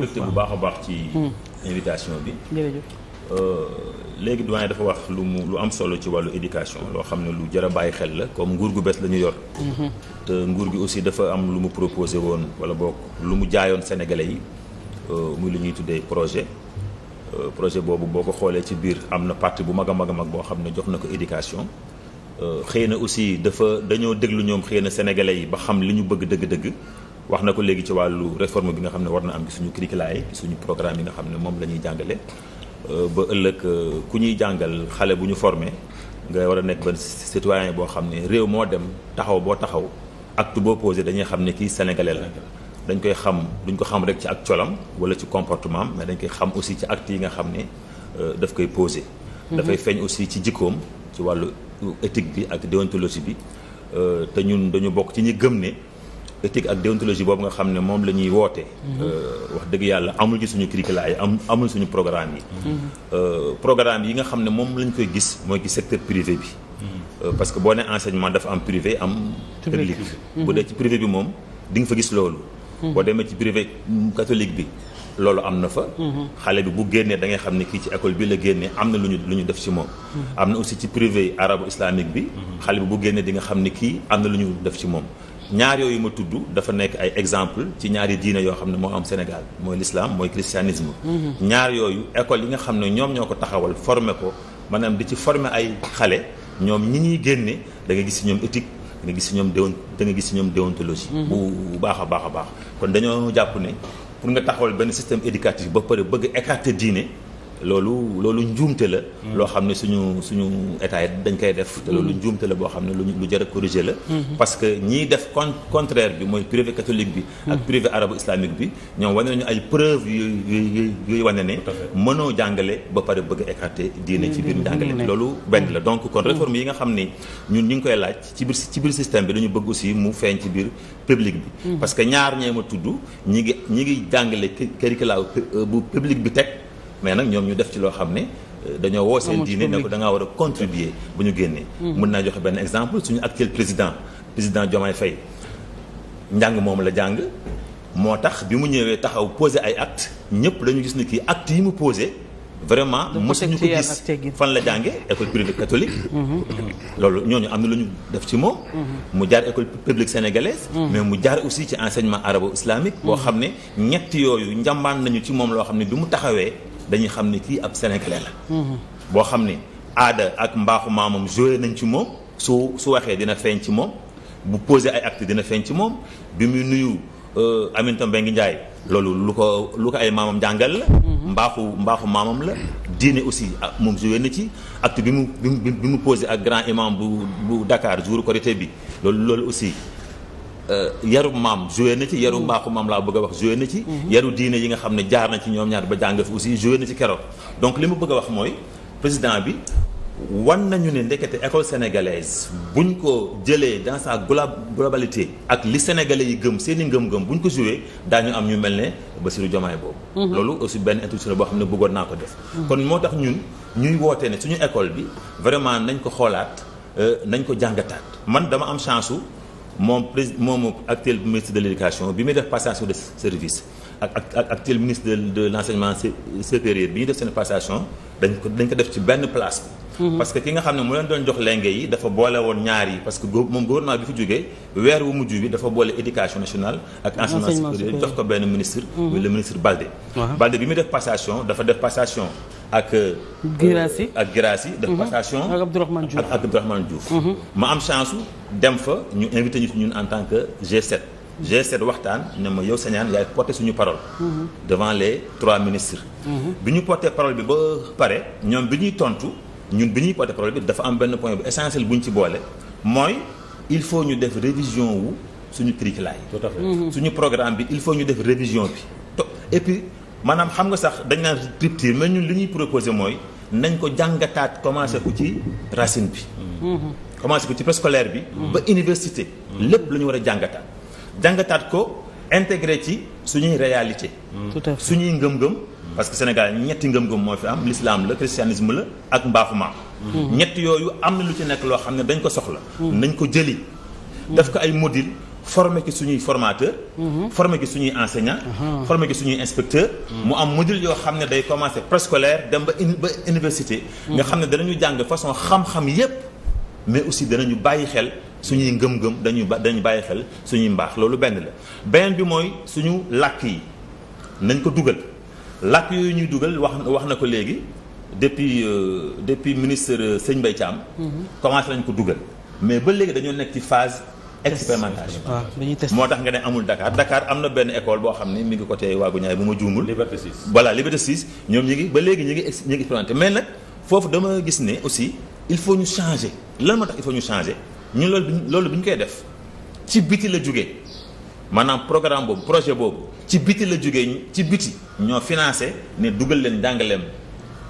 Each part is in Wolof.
mbégte bu baax a baax ci invitation bi euh, léegi doyen dafa wax lu mu lu am solo ci wàllu éducation loo xam ne lu jar a bàyyi xel la comme nguur gu bees la ñu yor mhm. te nguur gi aussi dafa am lu mu proposé woon wala boog lu mu jaayoon sénégalais yi euh, muy lu ñuy tuddee projet euh, projet boobu boo ko xoolee ci biir am na parti bu mag a mag a mag boo xam ne jox na ko éducation xëy na aussi dafa dañoo déglu ñoom xëy na sénégalais yi ba xam li ñu bëgg dëgg-dëgg wax na ko léegi ci wàllu réforme bi nga xam ne war na am ci suñu curricula yi suñu programme bi nga xam ne moom lañuy ñuy jàngale euh, ba ëllëg euh, ku ñuy jàngal xale bu ñu formé nga war a nekk benn citoyen boo xam ne réew moo dem taxaw boo taxaw acte boo posé dañuy xam ne kii sénégalais la koy xam duñ ko xam rek ci ak colam wala ci comportement mais dañ koy xam aussi ci acte yi nga xam ne euh, daf koy posé mhm. dafay feeñ aussi ci jikkoom ci wàllu étique bi ak déontologie bi te ñun dañu bokk ci ñi gëm ne éthique ak déontologie boobu nga xam ne moom la ñuy woote. Euh, wax dëgg yàlla amul ci suñu curricula am amul suñu programme yi. Mm-hmm. Euh, programme yi nga xam ne moom lañ koy gis mooy ci secteur privé bi. Mm-hmm. Euh, parce que boo nee enseignement dafa am privé am. public mm-hmm. bu dee ci privé bi moom di nga fa gis loolu. boo demee ci privé catholique bi. loolu am na fa. xale bi bu génnee da ngay xam ne kii ci école bi la génne am na lu ñu lu ñu def ci moom. am na aussi ci privé arabo islamique bi. xale bi bu génnee di nga xam ne kii am na lu ñu def ci moom. ñaar yooyu ma tudd dafa nekk ay exemple ci ñaari diine yoo xam ne moo am Sénégal mooy l'islam mooy christianisme mhm. ñaar yooyu école yi nga xam ne ñoom ñoo ko taxawal formé ko manaam di ci formé ay xale ñoom ñi ñuy génne da gis gis ñoom éthique da nga gis ñoom déon da nga gis ñoom déontologie mhm. bu baax a baax a baax kon dañoo jàpp ne pour nga taxawal benn système éducatif ba pare bëgg écarter diine loolu loolu njuumte la. Hmm. loo xam ne suñu suñu état yi dañ koy def. te loolu hmm. njuumte la boo xam ne lu jar a corriger la. Hmm. parce que ñiy def con contraire bi mooy privé catholique bi. ak privé arabo islamique bi ñoom wane nañu ay preuve yu yu yu wane ne. mënoo jàngale ba pare bëgg a écarter diine ci biir njàngale. loolu benn la donc kon réforme yi nga xam ne ñun ñu ngi koy laaj ci biir ci biir système bi dañu bëggu si mu feeñ ci biir public bi. parce que ñaar ñee ma tudd ñi ngi ñi ngi jàngale curriculum bu public bi teg. mais nag ñoom ñu def ci loo xam ne euh, dañoo woo seen diine ne ko war a contribuer bu ñu génnee mun mm-hmm. naa joxe benn exemple suñu actuel président président Diomaye fay njàng moom la jàng moo tax bi mu ñëwee taxaw posé ay acte ñëpp dañu gis ne kii acte yi mu posé vraiment mësuñu ko gis fan la jànge école privée catholique mm-hmm. loolu ñoo ñu am na lu ñu def ci moom mm-hmm. mu jaar école publique sénégalaise mais mu jaar aussi ci enseignement arabo islamique boo xam ne ñett yooyu njambaan nañu ci moom loo xam ne bi mu taxawee dañuy xam ne kii ab sénégalais la. Mhm. boo xam ne aada ak mbaaxu maamam joué nañ ci moom su su waxee dina feeñ ci moom bu posé ay acte dina feeñ ci moom bi muy nuyu euh, Aminata ngi Ndiaye loolu lu ko lu ko ay maamam jàngal la. Mhm. mbaaxu mbaaxu maamam la. diine aussi ah, moom joué na ci acte bi mu bi mu posé ak grand imam bu bu Dakar jour korité bi loolu loolu aussi. Euh, yaru maam joué na ci yaru mm. mbaaxu maam laa bëgg a wax joué na ci mm-hmm. yaru diine yi nga xam ne jaar na ci ñoom ñaar ba jàng fi aussi joué na ci donc li ma bëgg wax mooy président bi wan nañu ne ndekete école sénégalaise buñ ko jëlee dans sa globalité ak li sénégalais yi gëm seen i ngëm-ngëm buñ ko joué daañu am ñu mel ne Bassirou Diomaye boobu. Mm-hmm. loolu aussi benn institution boo xam ne bëggoon naa ko def. Mm-hmm. kon moo tax ñun ñuy wootee ne suñu école bi vraiment nañ ko xoolaat euh, nañ ko jàngataat man dama am chance moom président moom actuel ministre de l'éducation bi muy def passation de service ak ak actuel ministre de de l'enseignement supérieur bi ñuy def seen passation dañ ko dañ ko def ci benn place mm-hmm. parce que ki nga xam ne mu leen doon jox lenge yi dafa boole woon ñaar yi parce que moom gouvernement bi fi jógee weer wu mujj bi dafa boole éducation nationale ak enseignement supérieur jox ko benn ministre mm-hmm. le ministre Baldé Baldé bi muy dafa def passation ak. Euh, Girassi ak Girassi. def mhm. passation ak Abdourahmane Diouf ak Abdourahmane Diouf. Mhm. ma am chance dem fa ñu invité ñu fi ñun en tant que G7. g waxtaan ne ma yow Sagnane yaay porté suñu parole. Mhm. devant les trois ministres. bi ñu porté parole bi ba pare ñoom bi ñuy tontu ñun bi ñuy porté parole bi dafa am benn point bu essentiel bu ñu ci boole mooy il faut ñu def révision wu suñu curricula yi. tout suñu programme bi il faut ñu def révision bi maanaam xam nga sax dañ naan rupture ma ñun li ñuy proposé mooy nañ ko jàngataat commencé ko ci racine bi. commencé ko ci préscolaire bi. ba université. lépp la ñu war a jàngataat. jàngataat ko intégré ci suñuy réalité. suñuy ngëm-ngëm. parce que Sénégal ñetti ngëm-ngëm moo fi am lislaam la christianisme la ak mbaafu maam. Hmm. ñett yooyu am na lu ci nekk loo xam ne dañ ko soxla. Hmm. nañ ko jëli. daf ko ay module former ki suñuy formateur mhm. former ki suñuy enseignant former ki suñuy inspecteur mhm. mu am module yoo xam ne day commencer préscolaire dem ba ba université mhm. nga xam ne danañu jàng façon xam-xam yépp mais aussi danañu bàyyi xel suñuy ngëm-ngëm dañuy ba dañuy bàyyi xel suñuy mbaax loolu benn la beneen bi mooy suñu làkk yi nañ ko dugal làkk yooyu ñuy dugal wax wax na ko léegi depuis euh, depuis ministre euh, Sëñ Mbaye Thiam commencé nañ ko dugal mais ba léegi dañoo nekk ci phase expérimentation ah, moo tax nga ne amul Dakar Dakar am na benn école boo xam ne mi ngi côté waagu ñaay bu ma juumul. Liberté 6 voilà Liberté 6 ñoom ñi ngi ba léegi ñi ngi ñi ngi expérimenté mais nag foofu dama gis ne aussi il faut ñu changer lan ma tax il faut ñu changer ñun loolu loolu bi ñu koy def ci biti la jógee maanaam programme boobu projet boobu ci biti la jógee ci biti ñoo financé ne dugal leen jàngaleem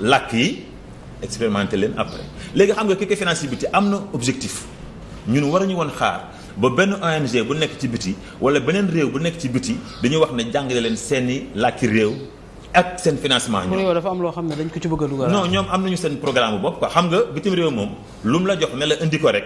làkk yi expérimenté leen après léegi xam nga ki ko financé ci am na objectif ñun waruñu woon xaar. ba benn ONG bu nekk ci biti wala beneen réew bu nekk ci biti dañuy wax ne jàngale leen seeni làkki réew ak seen financement ñoom dafa am loo xam ne dañ ko ci bëgg a dugal non ñoom am nañu seen programme bu bopp quoi xam nga bitim réew moom lu mu la jox ne la indi ko rek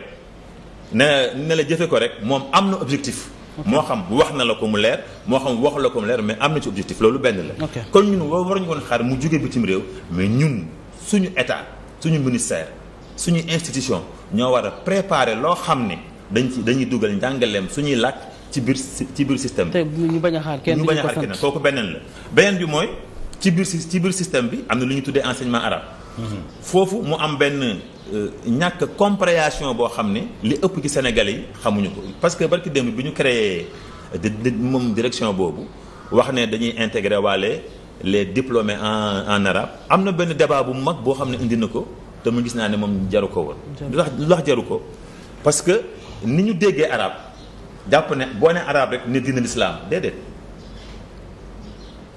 ne ne la jëfe ko rek moom am na objectif moo xam wax na la ko mu leer moo xam wax la ko mu leer mais am na ci objectif loolu benn la kon ñun wa war ñu woon xaar mu jógee bitim réew mais ñun suñu état suñu ministère suñu institution ñoo war a préparer loo xam ne dañ ci dañuy dugal njàngaleem suñuy làkk ci biir ci biir système bi. ñu bañ a xaar kenn ñu ko a xaar beneen la. beneen bi mooy ci biir ci biir système bi am na lu ñu tuddee enseignement arabe. Mhm. foofu mu am benn euh, ñàkk compréhension boo xam ne li ëpp ci sénégal yi xamuñu ko parce que barki démb bi ñu créé moom direction boobu wax ne dañuy intégré waale les diplômés en en am na benn débat bu mag boo xam ne indi na ko te mu gis naa ne moom jaru ko woon. lu tax jaru ko parce ni ñu déggee arab jàpp ne boo ne arab rek ne dina lislaam déedéet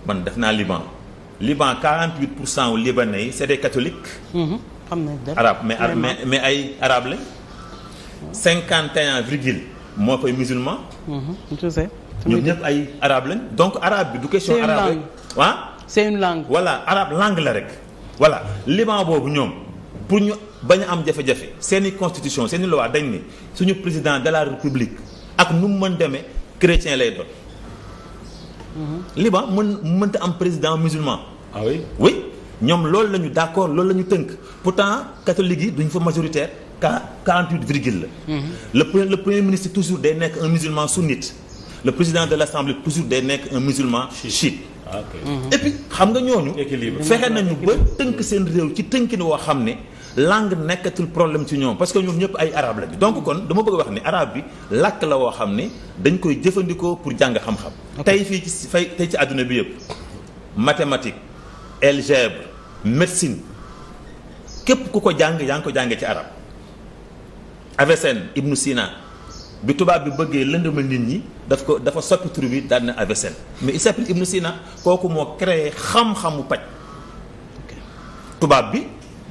man def naa Liban Liban 48 pour cent wu libanais yi c'est des catholiques. Mhm. xam nañ mais mais mais ay arab lañ. 51 virgule moo fay musulman. Mhm. je ñoom ñëpp ay arab lañ donc arabe bi du question. arabe rek ah. c'est une langue. voilà arabe langue la rek. voilà Liban boobu ñoom pour ñu. bañ a am jafe-jafe seeni constitution seeni loi dañ ni suñu président de la république ak nu mu mën demee chrétien lay doon. Mhm. Liban mën mënta am président musulman. ah oui oui ñoom loolu la ñu d' accord loolu la ñu tënk pourtant catholique yi duñ fa majoritaire kaa 48 virgule la. Mhm. le premier le premier ministre toujours day nekk un musulman sunnite le président de l' toujours day nekk un musulman chiite. Ah, mhm. et xam nga ñooñu. fexe nañu ba tënk seen réew ci tënkin woo xam ne langue nekkatul problème ci ñoom parce que ñoom ñëpp ay arab la lañu. donc kon dama bëgg wax ne arabe bi làkk la woo xam ne dañ koy jëfandikoo pour jàng xam-xam. tey fii ci si fay tey ci àdduna bi yëpp mathématique algèbre médecine képp ku ko jàng yaa ngi ko jàngee ci arabe Avicenne Ibn Sina. bi tubaab bi bëggee lëndëmal nit ñi daf ko dafa soppi tur bi daan na Avicenne mais il s'appelle Ibn Sina kooku moo créé xam-xamu paj tubaab bi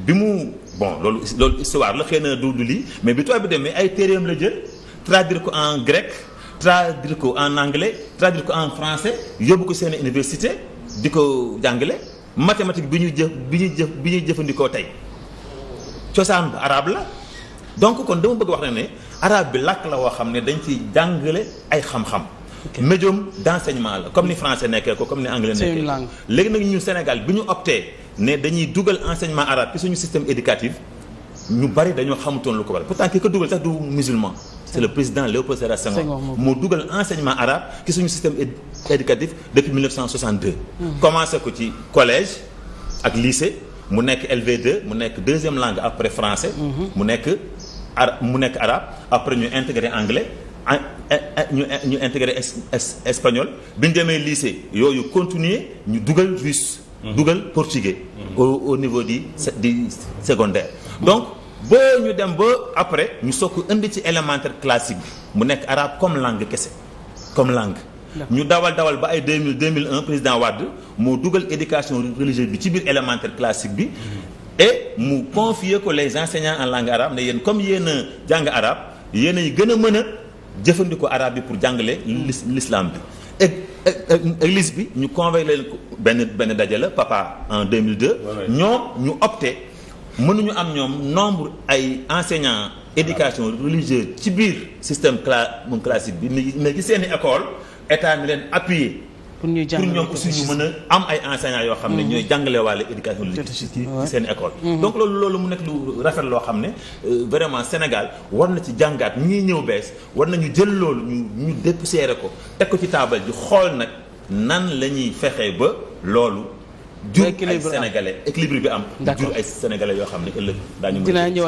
bi mu bon loolu loolu histoire la xëy na du du lii mais bi tubaab bi demee ay téeréem la jël traduire ko en grec traduire ko en anglais traduire ko en français yóbbu ko seen université di ko jàngale mathématique bi ñuy jëf bi ñuy jëf bi ñuy jëfandikoo tey cosaan arabe la donc kon dama bëgg wax ne ne arabe bi làkk la woo xam ne dañ ciy jàngale ay xam-xam. médium d'enseignement la comme ni français nekkee ko comme ni anglais nekkee léegi nag ñu Sénégal bi ñu opté ne dañuy dugal enseignement arabe ci suñu système éducatif ñu bari dañoo xamutoon lu ko war pourtant ki ko dugal sax du musulman. c'est le président Léopold Sédar Senghor moo dugal enseignement arabe ci suñu système éducatif depuis 1962. Hmm. commencé ko ci collège ak lycée mu nekk LV2 mu nekk deuxième langue après français. Hmm. mu nekk ara mu nekk arabe après ñu intégré anglais ñu ñu intégré espagnol bi ñu demee lycée yooyu continuer ñu dugal russe. dugal portugais. Mhm. au au niveau du du secondaire. donc boo ñu dem ba après ñu soog indi ci élémentaire classique bi mu nekk arabe comme langue kese comme langue. ñu dawal dawal ba ay 2000 2001 président Wade moo dugal éducation religieuse bi ci biir élémentaire classique bi. Mhm. et mu confier ko les enseignants en langue arabe ne yéen comme yéen a jàng arabe yéen a gën a mën a jëfandikoo arabe bi pour jàngale l'islam bi et église bi ñu convoqué leen benn benn daje la papa en 2002. ñoom ñu opté mënuñu am ñoom nombre ay enseignants éducation religieuse ci biir système cla classique bi mais ci seen i école état ni leen appuyé. pour ñu jàngale pour ñoom aussi ñu mën a am ay enseignants yoo xam ne mm-hmm. ñooy jàngale wàllu éducation législative ci seen école mm-hmm. donc loolu loolu mu nekk lu rafet loo xam ne euh, vraiment Sénégal war na ci jàngaat ñi ñëw bees war nañu jël loolu ñu ñu dépoussiérer ko teg ko ci taabal ji xool nag nan lañuy ñuy fexee ba loolu jur ay sénégalais équilibre bi am jur ay sénégalais yoo xam ne ëllëg daañu